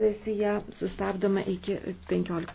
Sesija sustabdoma iki 15.